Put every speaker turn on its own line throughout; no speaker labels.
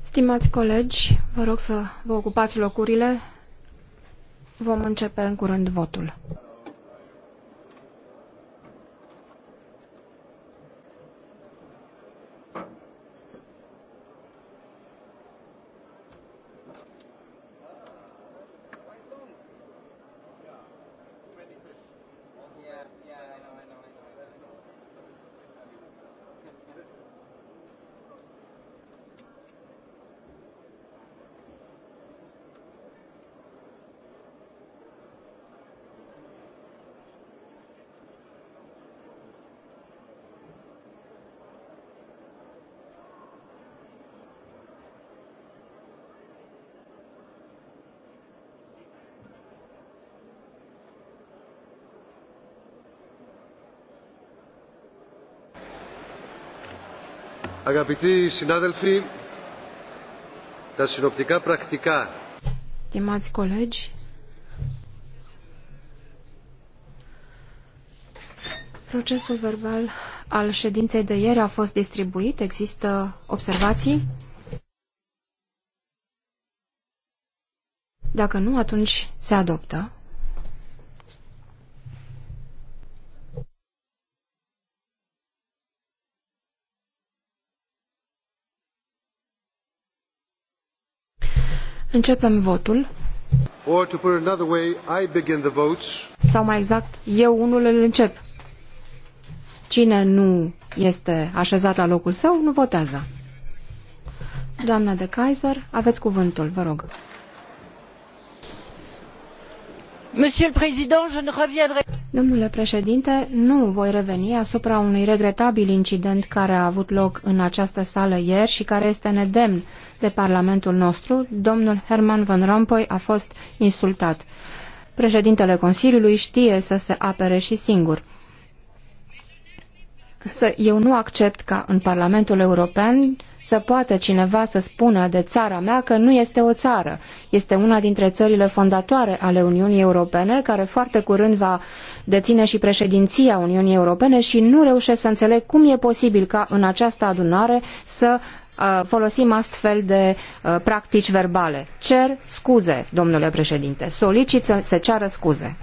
Stimați colegi, vă rog să vă ocupați locurile. Vom începe în curând votul.
Αγαπητοί συνάδελφοι, τα συνοπτικά πρακτικά.
Stimați colegi, procesul verbal al ședinței de ieri a fost distribuit. Există observații? Dacă nu, atunci se adoptă. Începem votul.
Or, to put another way, I begin the votes.
Sau mai exact, eu unul îl încep. Cine nu este așezat la locul său, nu votează. Doamna de Kaiser, aveți cuvântul, vă rog. Monsieur le Président, je ne reviendrai Domnule președinte, nu voi reveni asupra unui regretabil incident care a avut loc în această sală ieri și care este nedemn de Parlamentul nostru. Domnul Herman Van Rompuy a fost insultat. Președintele Consiliului știe să se apere și singur. Însă eu nu accept ca în Parlamentul European să poată cineva să spună de țara mea că nu este o țară. Este una dintre țările fondatoare ale Uniunii Europene, care foarte curând va deține și președinția Uniunii Europene și nu reușesc să înțeleg cum e posibil ca în această adunare să uh, folosim astfel de uh, practici verbale. Cer scuze, domnule președinte. Solicit să se ceară scuze.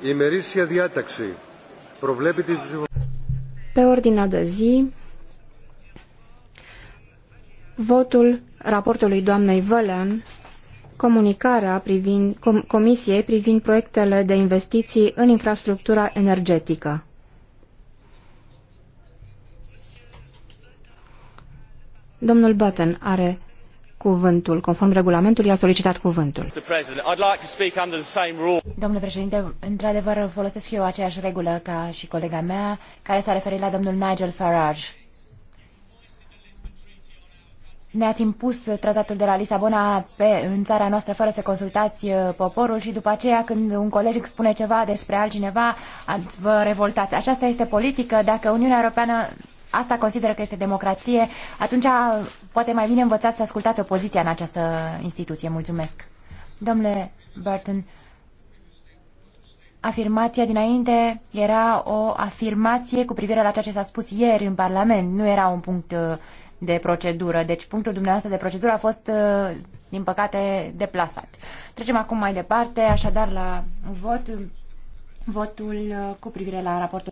Η ημερήσια διάταξη προβλέπει την ψηφοφορία.
Pe ordinea de zi, votul raportului doamnei Vălean, comunicarea privind, com, Comisiei privind proiectele de investiții în infrastructura energetică. Domnul Button are cuvântul. Conform regulamentului, a solicitat cuvântul.
Domnule președinte, într-adevăr folosesc eu aceeași regulă ca și colega mea, care s-a referit la domnul Nigel Farage. Ne-ați impus tratatul de la Lisabona pe, în țara noastră fără să consultați uh, poporul și după aceea când un coleg spune ceva despre altcineva, ați vă revoltați. Aceasta este politică. Dacă Uniunea Europeană asta consideră că este democrație, atunci uh, poate mai bine învățați să ascultați opoziția în această instituție. Mulțumesc. Domnule Burton, afirmația dinainte era o afirmație cu privire la ceea ce s-a spus ieri în Parlament, nu era un punct uh, de procedură. Deci punctul dumneavoastră de procedură a fost, uh, din păcate, deplasat. Trecem acum mai departe, așadar la vot, votul cu privire la raportul